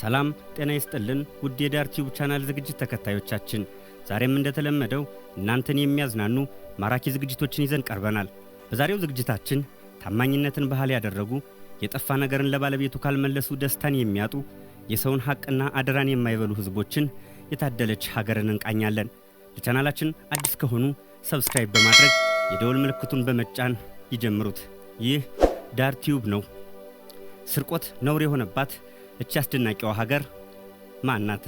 ሰላም ጤና ይስጥልን ውድ የዳር ቲዩብ ቻናል ዝግጅት ተከታዮቻችን፣ ዛሬም እንደተለመደው እናንተን የሚያዝናኑ ማራኪ ዝግጅቶችን ይዘን ቀርበናል። በዛሬው ዝግጅታችን ታማኝነትን ባህል ያደረጉ የጠፋ ነገርን ለባለቤቱ ካልመለሱ ደስታን የሚያጡ የሰውን ሐቅና አደራን የማይበሉ ህዝቦችን የታደለች ሀገርን እንቃኛለን። ለቻናላችን አዲስ ከሆኑ ሰብስክራይብ በማድረግ የደወል ምልክቱን በመጫን ይጀምሩት። ይህ ዳር ቲዩብ ነው። ስርቆት ነውር የሆነባት እቺ አስደናቂዋ ሀገር ማን ናት?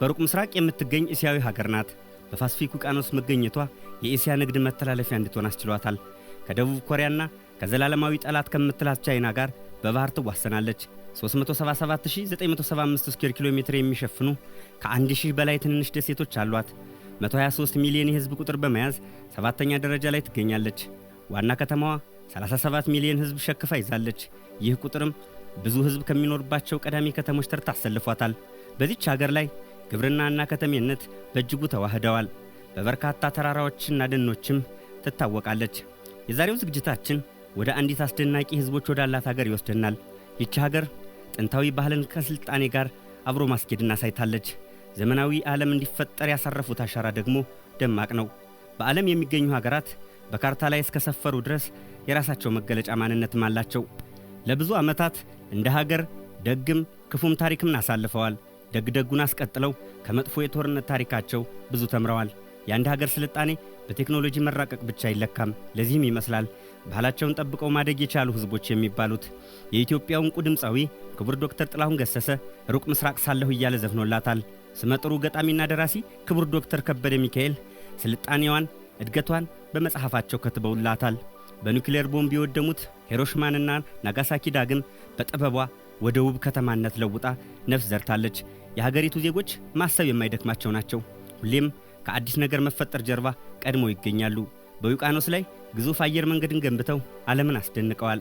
በሩቅ ምስራቅ የምትገኝ እስያዊ ሀገር ናት። በፓስፊክ ውቅያኖስ መገኘቷ የእስያ ንግድ መተላለፊያ እንድትሆን አስችሏታል። ከደቡብ ኮሪያና ከዘላለማዊ ጠላት ከምትላት ቻይና ጋር በባህር ትዋሰናለች። 377975 ስኩዌር ኪሎ ሜትር የሚሸፍኑ ከ ሺህ በላይ ትንንሽ ደሴቶች አሏት። 123 ሚሊዮን የህዝብ ቁጥር በመያዝ ሰባተኛ ደረጃ ላይ ትገኛለች። ዋና ከተማዋ 37 ሚሊዮን ህዝብ ሸክፋ ይዛለች። ይህ ቁጥርም ብዙ ሕዝብ ከሚኖርባቸው ቀዳሚ ከተሞች ተርታ አሰልፏታል። በዚች ሀገር ላይ ግብርናና ከተሜነት በእጅጉ ተዋህደዋል። በበርካታ ተራራዎችና ደኖችም ትታወቃለች። የዛሬው ዝግጅታችን ወደ አንዲት አስደናቂ ሕዝቦች ወዳላት ሀገር ይወስደናል። ይቺ ሀገር ጥንታዊ ባህልን ከሥልጣኔ ጋር አብሮ ማስኬድን አሳይታለች። ዘመናዊ ዓለም እንዲፈጠር ያሳረፉት አሻራ ደግሞ ደማቅ ነው። በዓለም የሚገኙ ሀገራት በካርታ ላይ እስከ ሰፈሩ ድረስ የራሳቸው መገለጫ ማንነትም አላቸው። ለብዙ ዓመታት እንደ ሀገር ደግም ክፉም ታሪክም አሳልፈዋል። ደግ ደጉን አስቀጥለው ከመጥፎ የጦርነት ታሪካቸው ብዙ ተምረዋል። የአንድ ሀገር ስልጣኔ በቴክኖሎጂ መራቀቅ ብቻ አይለካም። ለዚህም ይመስላል ባህላቸውን ጠብቀው ማደግ የቻሉ ህዝቦች የሚባሉት። የኢትዮጵያው ዕንቁ ድምፃዊ ክቡር ዶክተር ጥላሁን ገሰሰ ሩቅ ምስራቅ ሳለሁ እያለ ዘፍኖላታል። ስመጥሩ ገጣሚና ደራሲ ክቡር ዶክተር ከበደ ሚካኤል ስልጣኔዋን እድገቷን በመጽሐፋቸው ከትበውላታል። በኒውክሌር ቦምብ የወደሙት ሄሮሽማንና ናጋሳኪ ዳግም በጥበቧ ወደ ውብ ከተማነት ለውጣ ነፍስ ዘርታለች። የሀገሪቱ ዜጎች ማሰብ የማይደክማቸው ናቸው። ሁሌም ከአዲስ ነገር መፈጠር ጀርባ ቀድመው ይገኛሉ። በውቅያኖስ ላይ ግዙፍ አየር መንገድን ገንብተው ዓለምን አስደንቀዋል።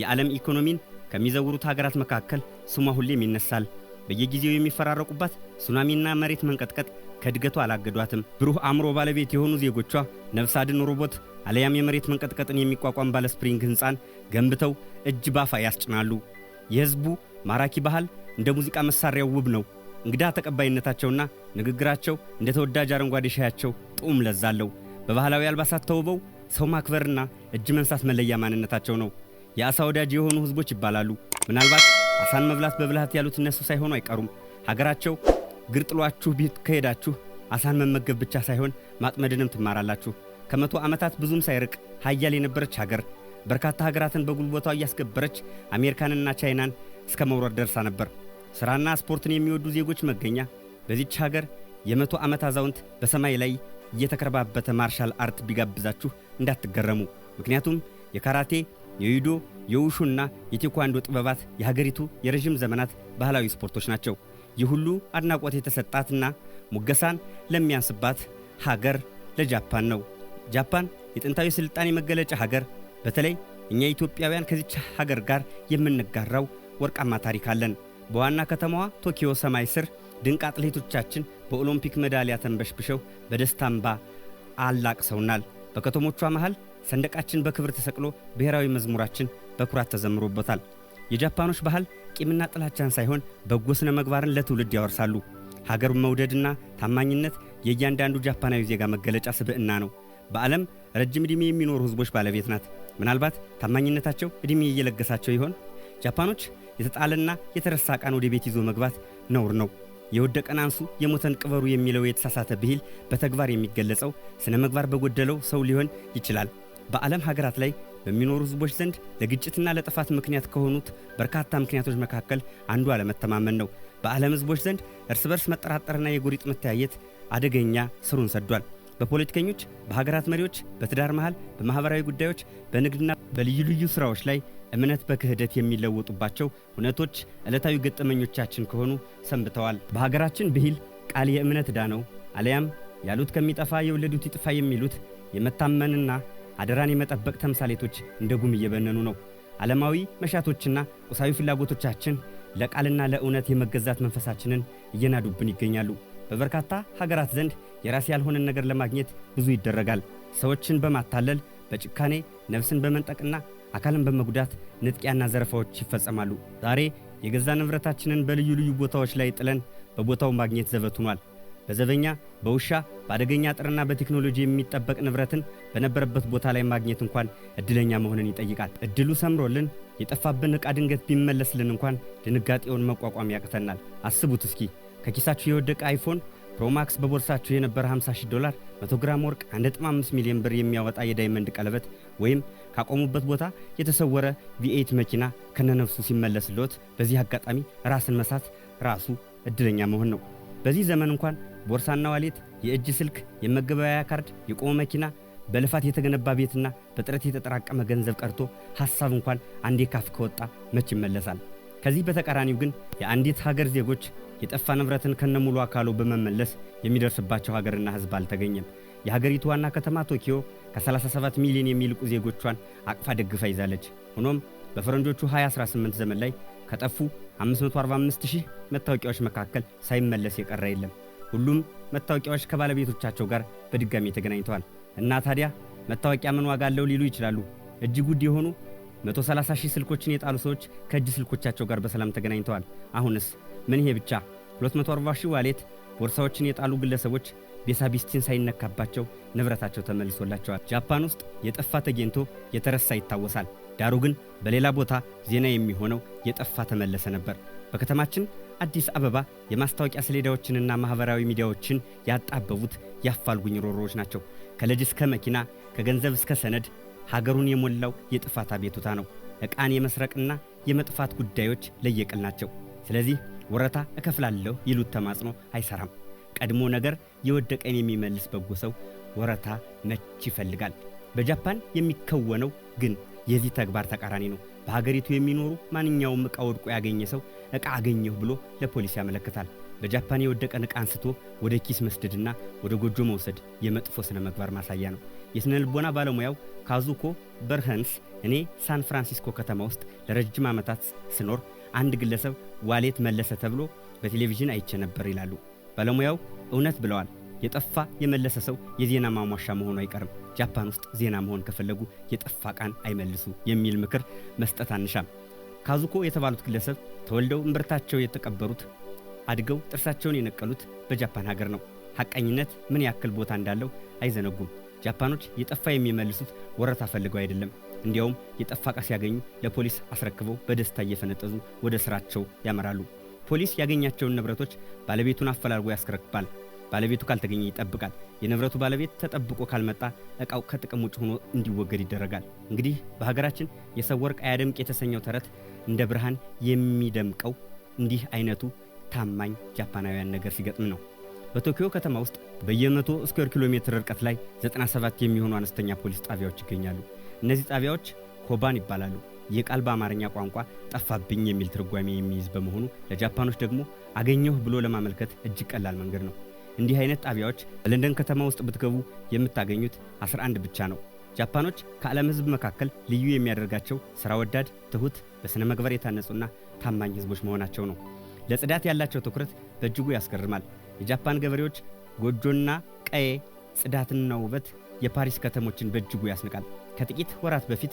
የዓለም ኢኮኖሚን ከሚዘውሩት ሀገራት መካከል ስሟ ሁሌም ይነሳል። በየጊዜው የሚፈራረቁባት ሱናሚና መሬት መንቀጥቀጥ ከእድገቷ አላገዷትም። ብሩህ አእምሮ ባለቤት የሆኑ ዜጎቿ ነፍስ አድን ሮቦት አለያም የመሬት መንቀጥቀጥን የሚቋቋም ባለ ስፕሪንግ ህንፃን ገንብተው እጅ ባፋ ያስጭናሉ። የህዝቡ ማራኪ ባህል እንደ ሙዚቃ መሳሪያው ውብ ነው። እንግዳ ተቀባይነታቸውና ንግግራቸው እንደ ተወዳጅ አረንጓዴ ሻያቸው ጡም ለዛለው። በባህላዊ አልባሳት ተውበው ሰው ማክበርና እጅ መንሳት መለያ ማንነታቸው ነው። የአሳ ወዳጅ የሆኑ ህዝቦች ይባላሉ። ምናልባት አሳን መብላት በብልሃት ያሉት እነሱ ሳይሆኑ አይቀሩም። ሀገራቸው ግርጥሏችሁ ጥሏችሁ ቤት ከሄዳችሁ አሳን መመገብ ብቻ ሳይሆን ማጥመድንም ትማራላችሁ። ከመቶ ዓመታት ብዙም ሳይርቅ ሀያል የነበረች ሀገር በርካታ ሀገራትን በጉልበቷ እያስገበረች አሜሪካንና ቻይናን እስከ መውረድ ደርሳ ነበር። ሥራና ስፖርትን የሚወዱ ዜጎች መገኛ በዚች ሀገር የመቶ ዓመት አዛውንት በሰማይ ላይ እየተከረባበተ ማርሻል አርት ቢጋብዛችሁ እንዳትገረሙ። ምክንያቱም የካራቴ፣ የዩዶ፣ የውሹና የቴኳንዶ ጥበባት የሀገሪቱ የረዥም ዘመናት ባህላዊ ስፖርቶች ናቸው። ይህ ሁሉ አድናቆት የተሰጣትና ሙገሳን ለሚያንስባት ሀገር ለጃፓን ነው። ጃፓን የጥንታዊ ስልጣኔ መገለጫ ሀገር፣ በተለይ እኛ ኢትዮጵያውያን ከዚች ሀገር ጋር የምንጋራው ወርቃማ ታሪክ አለን። በዋና ከተማዋ ቶኪዮ ሰማይ ስር ድንቅ አትሌቶቻችን በኦሎምፒክ ሜዳሊያ ተንበሽብሸው በደስታ እንባ አላቅሰውናል። በከተሞቿ መሃል ሰንደቃችን በክብር ተሰቅሎ ብሔራዊ መዝሙራችን በኩራት ተዘምሮበታል። የጃፓኖች ባህል ቂምና ጥላቻን ሳይሆን በጎ ስነ ምግባርን ለትውልድ ያወርሳሉ። ሀገር መውደድና ታማኝነት የእያንዳንዱ ጃፓናዊ ዜጋ መገለጫ ስብዕና ነው። በዓለም ረጅም ዕድሜ የሚኖሩ ህዝቦች ባለቤት ናት። ምናልባት ታማኝነታቸው ዕድሜ እየለገሳቸው ይሆን? ጃፓኖች የተጣለና የተረሳ ዕቃን ወደ ቤት ይዞ መግባት ነውር ነው። የወደቀን አንሱ የሞተን ቅበሩ የሚለው የተሳሳተ ብሂል በተግባር የሚገለጸው ስነ ምግባር በጎደለው ሰው ሊሆን ይችላል። በዓለም ሀገራት ላይ በሚኖሩ ህዝቦች ዘንድ ለግጭትና ለጥፋት ምክንያት ከሆኑት በርካታ ምክንያቶች መካከል አንዱ አለመተማመን ነው። በዓለም ህዝቦች ዘንድ እርስ በርስ መጠራጠርና የጎሪጥ መተያየት አደገኛ ስሩን ሰዷል። በፖለቲከኞች፣ በሀገራት መሪዎች፣ በትዳር መሃል፣ በማህበራዊ ጉዳዮች፣ በንግድና በልዩ ልዩ ስራዎች ላይ እምነት በክህደት የሚለወጡባቸው እውነቶች ዕለታዊ ገጠመኞቻችን ከሆኑ ሰንብተዋል። በሀገራችን ብሂል ቃል የእምነት ዕዳ ነው አለያም ያሉት ከሚጠፋ የወለዱት ይጥፋ የሚሉት የመታመንና አደራን የመጠበቅ ተምሳሌቶች እንደ ጉም እየበነኑ ነው። ዓለማዊ መሻቶችና ቁሳዊ ፍላጎቶቻችን ለቃልና ለእውነት የመገዛት መንፈሳችንን እየናዱብን ይገኛሉ። በበርካታ ሀገራት ዘንድ የራስ ያልሆነን ነገር ለማግኘት ብዙ ይደረጋል። ሰዎችን በማታለል በጭካኔ ነፍስን በመንጠቅና አካልን በመጉዳት ንጥቂያና ዘረፋዎች ይፈጸማሉ። ዛሬ የገዛ ንብረታችንን በልዩ ልዩ ቦታዎች ላይ ጥለን በቦታው ማግኘት ዘበት ሆኗል። በዘበኛ በውሻ በአደገኛ አጥርና በቴክኖሎጂ የሚጠበቅ ንብረትን በነበረበት ቦታ ላይ ማግኘት እንኳን እድለኛ መሆንን ይጠይቃል። እድሉ ሰምሮልን የጠፋብን ዕቃ ድንገት ቢመለስልን እንኳን ድንጋጤውን መቋቋም ያቅተናል። አስቡት እስኪ ከኪሳችሁ የወደቀ አይፎን ፕሮማክስ በቦርሳቸው የነበረ 50 ሺህ ዶላር፣ 100 ግራም ወርቅ፣ 1.5 ሚሊዮን ብር የሚያወጣ የዳይመንድ ቀለበት ወይም ካቆሙበት ቦታ የተሰወረ ቪኤት መኪና ከነነፍሱ ሲመለስልዎት በዚህ አጋጣሚ ራስን መሳት ራሱ እድለኛ መሆን ነው። በዚህ ዘመን እንኳን ቦርሳና ዋሌት፣ የእጅ ስልክ፣ የመገበያያ ካርድ፣ የቆመ መኪና፣ በልፋት የተገነባ ቤትና በጥረት የተጠራቀመ ገንዘብ ቀርቶ ሐሳብ እንኳን አንዴ ካፍ ከወጣ መች ይመለሳል? ከዚህ በተቃራኒው ግን የአንዲት ሀገር ዜጎች የጠፋ ንብረትን ከነሙሉ አካሉ በመመለስ የሚደርስባቸው ሀገርና ሕዝብ አልተገኘም። የሀገሪቱ ዋና ከተማ ቶኪዮ ከ37 ሚሊዮን የሚልቁ ዜጎቿን አቅፋ ደግፋ ይዛለች። ሆኖም በፈረንጆቹ 2018 ዘመን ላይ ከጠፉ 545 ሺህ መታወቂያዎች መካከል ሳይመለስ የቀረ የለም። ሁሉም መታወቂያዎች ከባለቤቶቻቸው ጋር በድጋሚ ተገናኝተዋል። እና ታዲያ መታወቂያ ምን ዋጋ አለው ሊሉ ይችላሉ። እጅግ ውድ የሆኑ 130 ሺህ ስልኮችን የጣሉ ሰዎች ከእጅ ስልኮቻቸው ጋር በሰላም ተገናኝተዋል። አሁንስ ምን ይሄ ብቻ 240 ሺህ ዋሌት ቦርሳዎችን የጣሉ ግለሰቦች ቤሳቢስቲን ሳይነካባቸው ንብረታቸው ተመልሶላቸዋል። ጃፓን ውስጥ የጠፋ ተገኝቶ የተረሳ ይታወሳል። ዳሩ ግን በሌላ ቦታ ዜና የሚሆነው የጠፋ ተመለሰ ነበር። በከተማችን አዲስ አበባ የማስታወቂያ ሰሌዳዎችንና ማኅበራዊ ሚዲያዎችን ያጣበቡት ያፋልጉኝ ሮሮዎች ናቸው። ከልጅ እስከ መኪና፣ ከገንዘብ እስከ ሰነድ ሀገሩን የሞላው የጥፋት አቤቱታ ነው። ዕቃን የመስረቅና የመጥፋት ጉዳዮች ለየቅል ናቸው። ስለዚህ ወረታ እከፍላለሁ ይሉት ተማጽኖ አይሰራም። ቀድሞ ነገር የወደቀን የሚመልስ በጎ ሰው ወረታ መች ይፈልጋል? በጃፓን የሚከወነው ግን የዚህ ተግባር ተቃራኒ ነው። በሀገሪቱ የሚኖሩ ማንኛውም ዕቃ ወድቆ ያገኘ ሰው ዕቃ አገኘሁ ብሎ ለፖሊስ ያመለክታል። በጃፓን የወደቀን ዕቃ አንስቶ ወደ ኪስ መስደድና ወደ ጎጆ መውሰድ የመጥፎ ስነ መግባር ማሳያ ነው። የሥነ ልቦና ባለሙያው ካዙኮ በርኸንስ እኔ ሳን ፍራንሲስኮ ከተማ ውስጥ ለረጅም ዓመታት ስኖር አንድ ግለሰብ ዋሌት መለሰ ተብሎ በቴሌቪዥን አይቼ ነበር ይላሉ። ባለሙያው እውነት ብለዋል። የጠፋ የመለሰ ሰው የዜና ማሟሻ መሆኑ አይቀርም። ጃፓን ውስጥ ዜና መሆን ከፈለጉ የጠፋ ቃን አይመልሱ የሚል ምክር መስጠት አንሻም። ካዙኮ የተባሉት ግለሰብ ተወልደው እምብርታቸው የተቀበሩት አድገው ጥርሳቸውን የነቀሉት በጃፓን ሀገር ነው። ሐቀኝነት ምን ያክል ቦታ እንዳለው አይዘነጉም። ጃፓኖች የጠፋ የሚመልሱት ወረታ ፈልገው አይደለም። እንዲያውም የጠፋ ዕቃ ሲያገኙ ለፖሊስ አስረክበው በደስታ እየፈነጠዙ ወደ ስራቸው ያመራሉ። ፖሊስ ያገኛቸውን ንብረቶች ባለቤቱን አፈላልጎ ያስረክባል። ባለቤቱ ካልተገኘ ይጠብቃል። የንብረቱ ባለቤት ተጠብቆ ካልመጣ ዕቃው ከጥቅም ውጭ ሆኖ እንዲወገድ ይደረጋል። እንግዲህ በሀገራችን የሰው ወርቅ አያደምቅ የተሰኘው ተረት እንደ ብርሃን የሚደምቀው እንዲህ አይነቱ ታማኝ ጃፓናውያን ነገር ሲገጥም ነው። በቶኪዮ ከተማ ውስጥ በየመቶ ስኩዌር ኪሎ ሜትር ርቀት ላይ 97 የሚሆኑ አነስተኛ ፖሊስ ጣቢያዎች ይገኛሉ። እነዚህ ጣቢያዎች ኮባን ይባላሉ። ይህ ቃል በአማርኛ ቋንቋ ጠፋብኝ የሚል ትርጓሜ የሚይዝ በመሆኑ ለጃፓኖች ደግሞ አገኘሁ ብሎ ለማመልከት እጅግ ቀላል መንገድ ነው። እንዲህ አይነት ጣቢያዎች በለንደን ከተማ ውስጥ ብትገቡ የምታገኙት 11 ብቻ ነው። ጃፓኖች ከዓለም ሕዝብ መካከል ልዩ የሚያደርጋቸው ሥራ ወዳድ፣ ትሑት፣ በሥነ መግበር የታነጹና ታማኝ ሕዝቦች መሆናቸው ነው። ለጽዳት ያላቸው ትኩረት በእጅጉ ያስገርማል። የጃፓን ገበሬዎች ጎጆና ቀዬ ጽዳትና ውበት የፓሪስ ከተሞችን በእጅጉ ያስንቃል። ከጥቂት ወራት በፊት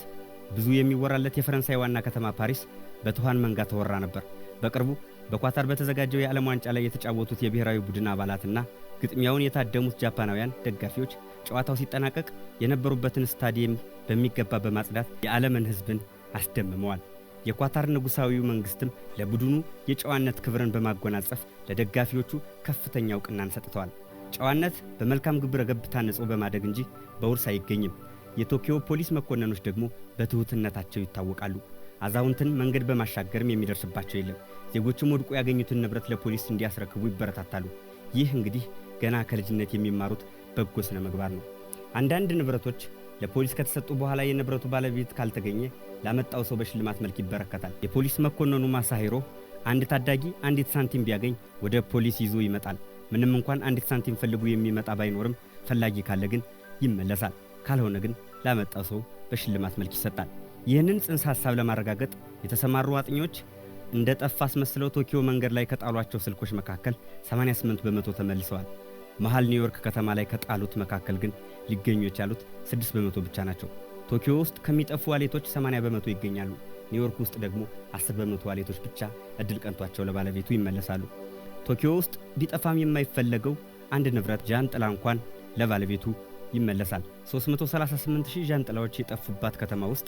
ብዙ የሚወራለት የፈረንሳይ ዋና ከተማ ፓሪስ በትኋን መንጋ ተወራ ነበር። በቅርቡ በኳታር በተዘጋጀው የዓለም ዋንጫ ላይ የተጫወቱት የብሔራዊ ቡድን አባላትና ግጥሚያውን የታደሙት ጃፓናውያን ደጋፊዎች ጨዋታው ሲጠናቀቅ የነበሩበትን ስታዲየም በሚገባ በማጽዳት የዓለምን ሕዝብን አስደምመዋል። የኳታር ንጉሳዊው መንግስትም ለቡድኑ የጨዋነት ክብርን በማጎናጸፍ ለደጋፊዎቹ ከፍተኛ እውቅናን ሰጥተዋል። ጨዋነት በመልካም ግብረ ገብ ታንጾ በማደግ እንጂ በውርስ አይገኝም። የቶኪዮ ፖሊስ መኮንኖች ደግሞ በትሑትነታቸው ይታወቃሉ። አዛውንትን መንገድ በማሻገርም የሚደርስባቸው የለም። ዜጎችም ወድቆ ያገኙትን ንብረት ለፖሊስ እንዲያስረክቡ ይበረታታሉ። ይህ እንግዲህ ገና ከልጅነት የሚማሩት በጎ ስነ ምግባር ነው። አንዳንድ ንብረቶች ለፖሊስ ከተሰጡ በኋላ የንብረቱ ባለቤት ካልተገኘ ላመጣው ሰው በሽልማት መልክ ይበረከታል። የፖሊስ መኮንኑ ማሳሂሮ አንድ ታዳጊ አንዲት ሳንቲም ቢያገኝ ወደ ፖሊስ ይዞ ይመጣል። ምንም እንኳን አንዲት ሳንቲም ፈልጉ የሚመጣ ባይኖርም ፈላጊ ካለ ግን ይመለሳል። ካልሆነ ግን ላመጣው ሰው በሽልማት መልክ ይሰጣል። ይህንን ጽንሰ ሐሳብ ለማረጋገጥ የተሰማሩ አጥኚዎች እንደ ጠፋ አስመስለው ቶኪዮ መንገድ ላይ ከጣሏቸው ስልኮች መካከል 88 በመቶ ተመልሰዋል። መሃል ኒውዮርክ ከተማ ላይ ከጣሉት መካከል ግን ሊገኙ የቻሉት 6 በመቶ ብቻ ናቸው። ቶኪዮ ውስጥ ከሚጠፉ ዋሌቶች 80 በመቶ ይገኛሉ። ኒውዮርክ ውስጥ ደግሞ 10 በመቶ ዋሌቶች ብቻ እድል ቀንቷቸው ለባለቤቱ ይመለሳሉ። ቶኪዮ ውስጥ ቢጠፋም የማይፈለገው አንድ ንብረት ጃንጥላ እንኳን ለባለቤቱ ይመለሳል። 338 ሺህ ጃንጥላዎች የጠፉባት ከተማ ውስጥ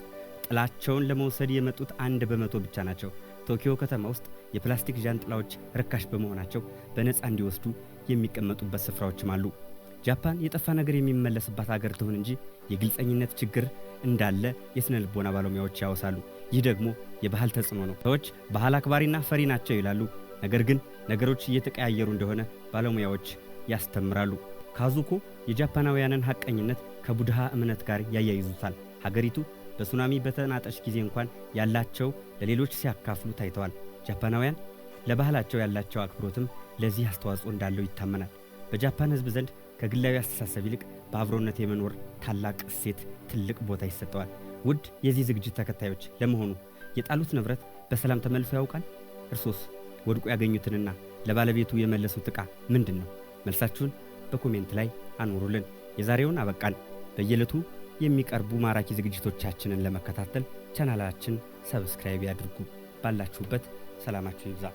ጥላቸውን ለመውሰድ የመጡት አንድ በመቶ ብቻ ናቸው። ቶኪዮ ከተማ ውስጥ የፕላስቲክ ዣንጥላዎች ርካሽ በመሆናቸው በነፃ እንዲወስዱ የሚቀመጡበት ስፍራዎችም አሉ። ጃፓን የጠፋ ነገር የሚመለስባት ሀገር ትሁን እንጂ የግልፀኝነት ችግር እንዳለ የሥነ ልቦና ባለሙያዎች ያወሳሉ። ይህ ደግሞ የባህል ተጽዕኖ ነው። ሰዎች ባህል አክባሪና ፈሪ ናቸው ይላሉ። ነገር ግን ነገሮች እየተቀያየሩ እንደሆነ ባለሙያዎች ያስተምራሉ። ካዙኮ የጃፓናውያንን ሐቀኝነት ከቡድሃ እምነት ጋር ያያይዙታል። ሀገሪቱ በሱናሚ በተናጠሽ ጊዜ እንኳን ያላቸው ለሌሎች ሲያካፍሉ ታይተዋል። ጃፓናውያን ለባህላቸው ያላቸው አክብሮትም ለዚህ አስተዋጽኦ እንዳለው ይታመናል። በጃፓን ሕዝብ ዘንድ ከግላዊ አስተሳሰብ ይልቅ በአብሮነት የመኖር ታላቅ እሴት ትልቅ ቦታ ይሰጠዋል። ውድ የዚህ ዝግጅት ተከታዮች፣ ለመሆኑ የጣሉት ንብረት በሰላም ተመልሶ ያውቃል? እርሶስ ወድቆ ያገኙትንና ለባለቤቱ የመለሱት ዕቃ ምንድን ነው? መልሳችሁን በኮሜንት ላይ አኖሩልን። የዛሬውን አበቃን። በየዕለቱ የሚቀርቡ ማራኪ ዝግጅቶቻችንን ለመከታተል ቻናላችን ሰብስክራይብ ያድርጉ። ባላችሁበት ሰላማችሁ ይብዛ።